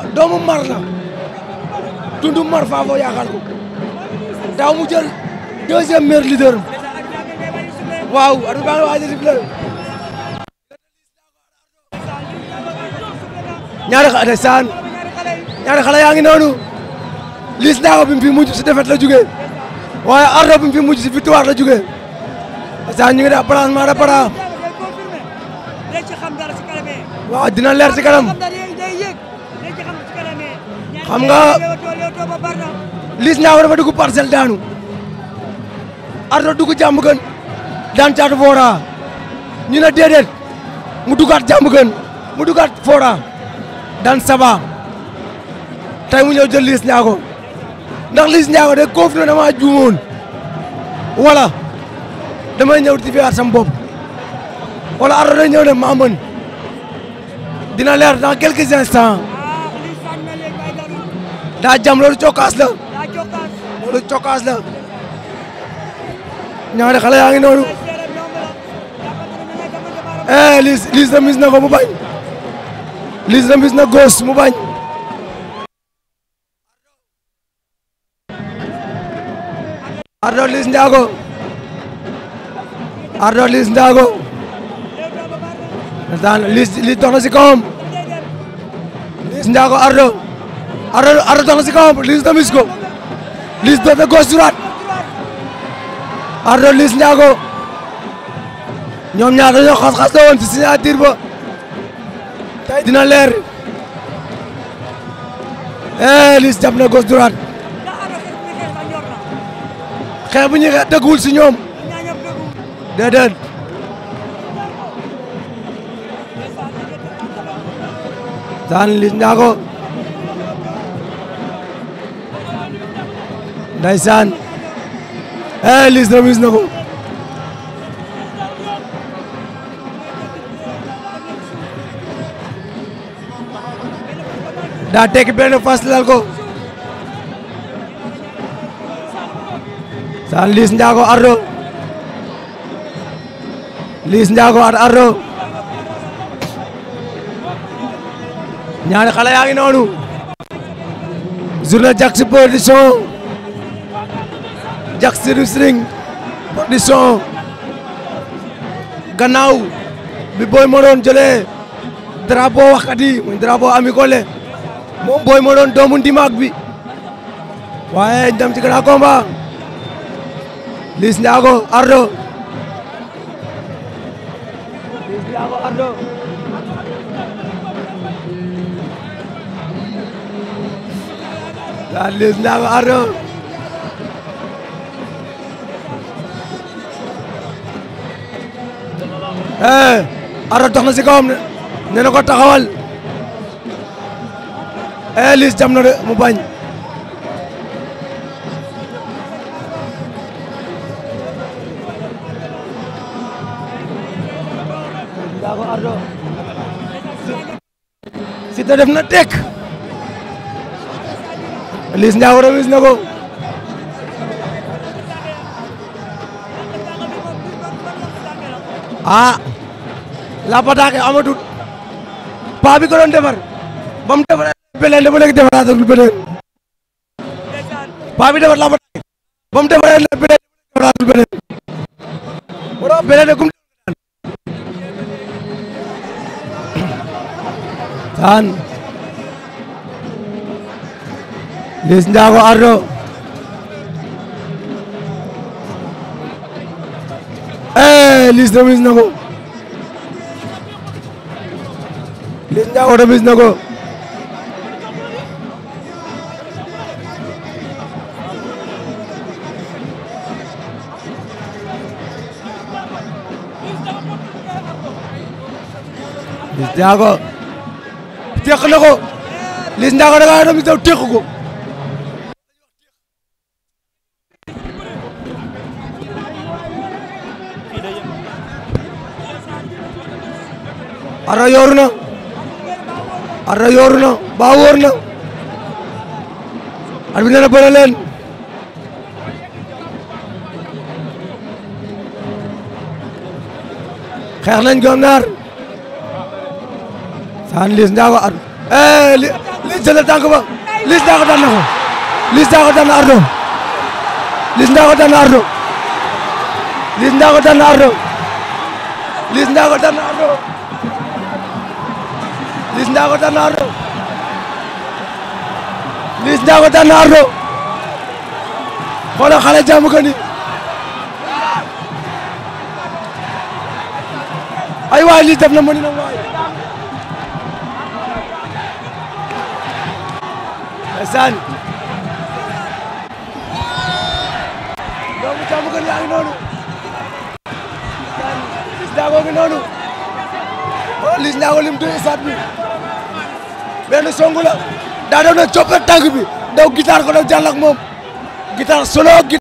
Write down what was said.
Ah, doomu mar la tundu mar faafoo yaakaar ko daaw mu jël deuxième meilleur leader waaw at bi baa ngi waaj a sifflé ñaari xale de saan ñaari xale yaa ngi noonu Liss Ndiago bi mu fi mujj si défaite la jugee waaye Ardo bi mu fi mujj si victoire la jugee saan ñu ngi def placement de para waaw dina leer si kanam. am nga Liss Ndiago dafa dugg parcelle daanu Ardo dugg jàmm gën caatu foora ñu ne déedéet mu dugaat jàmm gën mu dugaat foora daan saba tey mu ñëw jël Liss Ndiago ndax Liss Ndiago de koof na dama juumoon wala damay ñëw di fiyaat sam bopp wala Ardo day ñëw ne maa mën dina leer dans quelques instants daa jam loolu cokkaas la. loolu cokkaas ñaari xale yaa ngi noonu. Liss Liss remise na ko mu bañ. Liss remise na góos mu bañ. Ardo Liss Ndiago. Ardo Liss Ndiago. daan Liss Liss si kawam. Liss Ndiago Ardo. Ardo Ardo dox na si kawam Liss damis ko Liss def na gauche droite Ardo Liss ñoom ñaar xas-xas la si signature ba tey dina leer eh Liss jàpp na gauche droite xeex bu ñuy xeex dëggul si ñoom déedéet daan Liss Ndiago ndeysaan eh Liss remise na ko daa tekki benn fas lal ko saan Liss Ndiago ardo Liss Ndiago ar ardo ñaari yaa ngi noonu journée Diaks Production jax siri sring production gannaaw bi booy ma doon jëlee drapeau muy drapeau Ami moom booy ma doon doomu ndimaag bi waaye dem ci grand combat Liss Ndiago Ardo Liss Ndiago Ardo Eh, Ardo dox na ci kawam ne nee ko taxawal eh Liss jam na de mu bañ daa def na tekk Liss Ndiago remis na ko ah la pataake amatut paa bi ko doon defar ba mu beleen dafa nekk defaraatul beneen paa bi defar la pataake ba mu defar beleen defaraatul beneen wala beleen de kum tan waaye Liss remise na ko Liss Ndiago remise na ko Liss Ndiago teq na ko Liss Ndiago da ngaa remise ko Ardo yooru na Ardo yooru na baa wóor na arbi na bëre leen xeex nañ ñoom ñaar saan liis njaago Ardo eh li li jël na ba liis njaago daan na ko liis njaago daan na Ardo liis njaago daan na Ardo Liss Ndiago daan na Ardo Liss Ndiago xale jàmm ko ay waay Liss def na mën na waay ndeysaan doomu jàmm noonu Liss Ndiago ngi noonu xoolal Liss Ndiago lim du isaat bi benn songu la daa doon na coppe tànk bi daw gitaar ko daw jàll moom gitaar solo